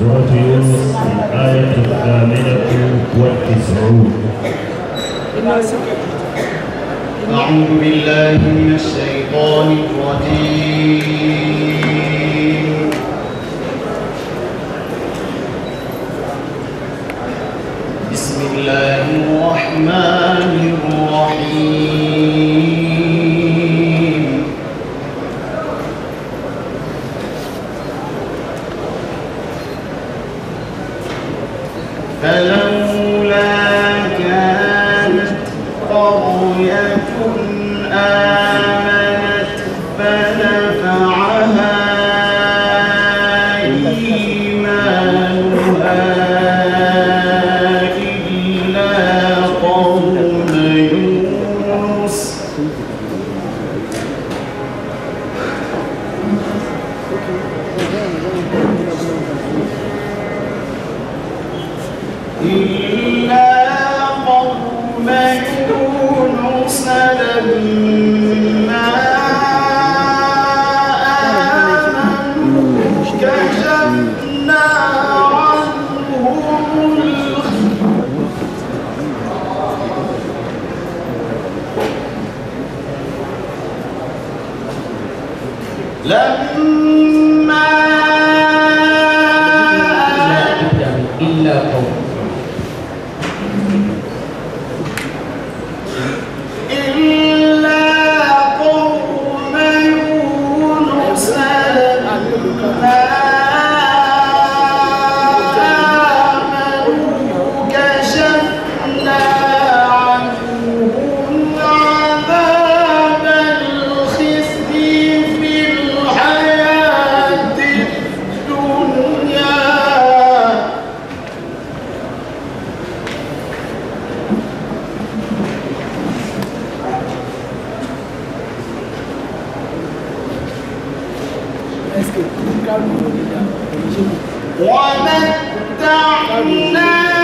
سورة الآية الثامنة والتسعون أعوذ بالله من الشيطان الرجيم بسم الله الرحمن الرحيم Hello. لمن 我们党内。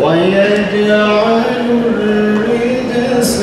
ويجعل الرجس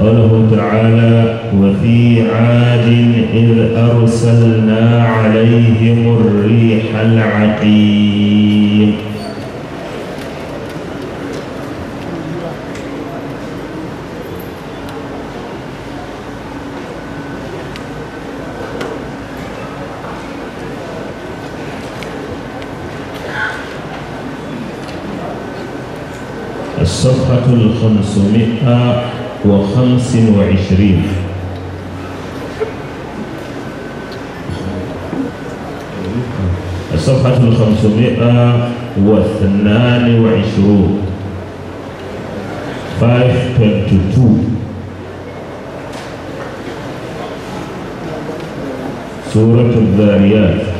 قوله تعالى وفي عاد إذ أرسلنا عليهم الريح العقيم الصفحة الخمسمائة وخمس وعشرين الصفحة الخمسمائة واثنان وعشرون 522 سورة الذاريات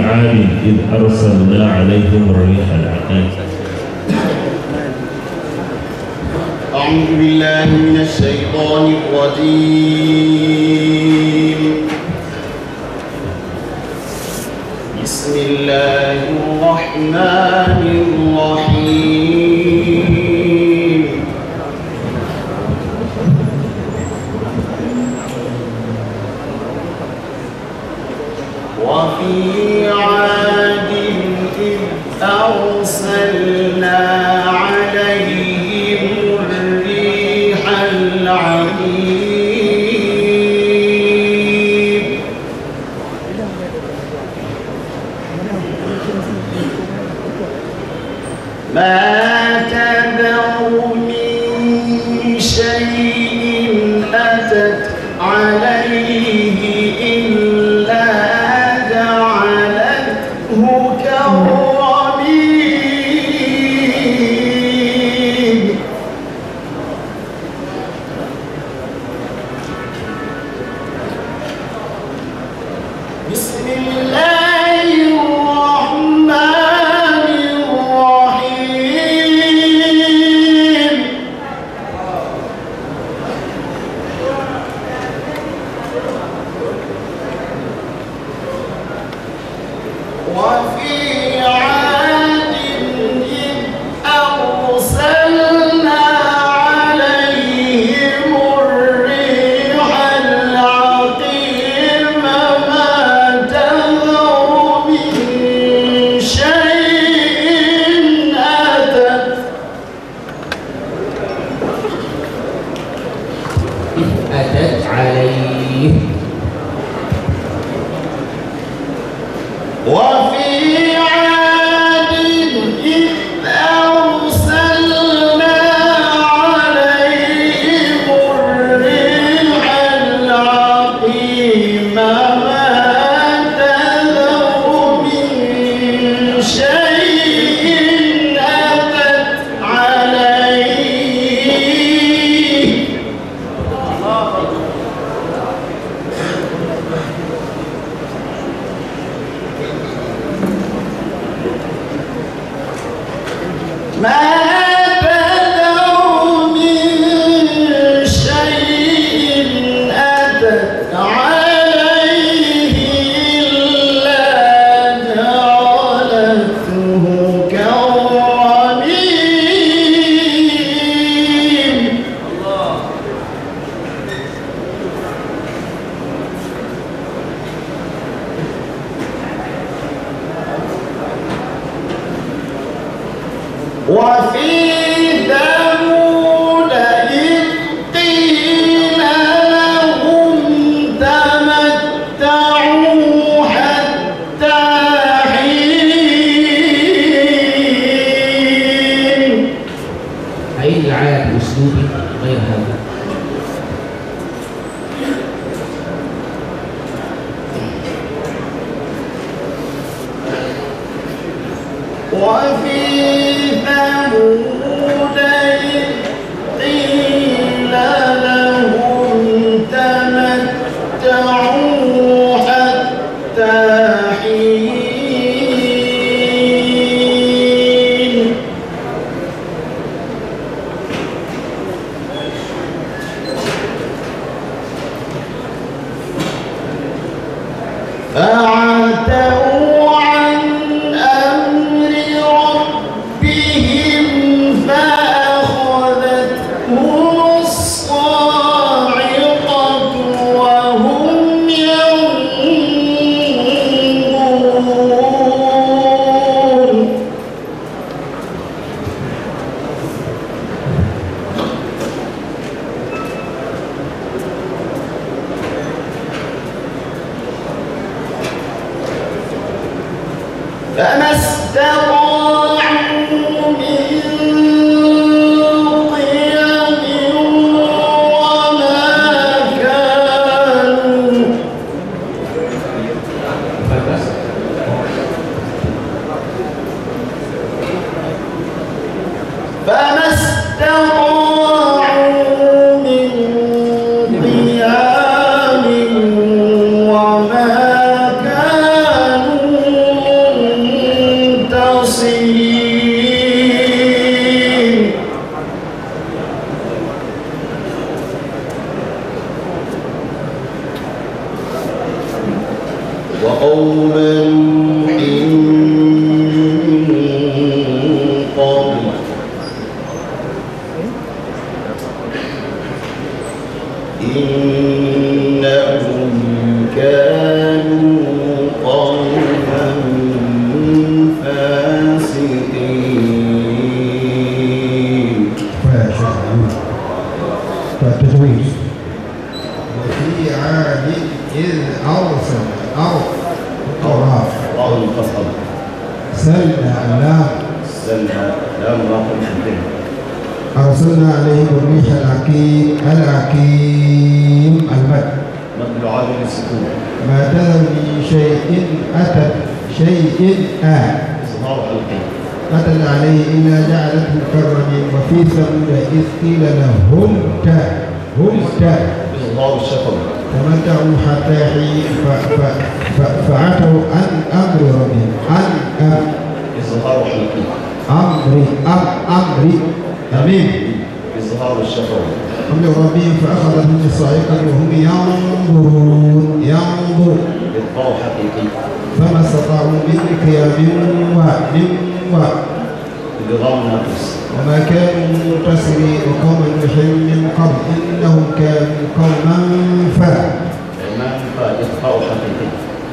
عاد إذ أرسلنا عليهم الريح العقيم أعوذ بالله من الشيطان الرجيم بسم الله الرحمن الرحيم aqui حين فاسقين والتجويد وفي عاد إذ أرسل أرض الطراف واو المفصل سلنا لام سلنا لام راح أرسلنا عليهم الريح العقيم العقيم المد مد عادل السكون ما تذر من شيء أتت شيء آه قتل عليه إنا جعلته مكرمين وفي ثمود إذ قيل لهم تا هم تا تمتعوا حتى حين فعتوا عن أمر ربهم عن أمر إظهار حلقي أمر أمر أمين إظهار الشفوي أمر ربهم فأخذهم صاعقا وهم ينظرون فكانوا كانوا وقوما وقوم من قبل إنهم كانوا قوما فا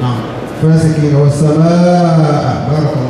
نعم فاسقين والسماء بارك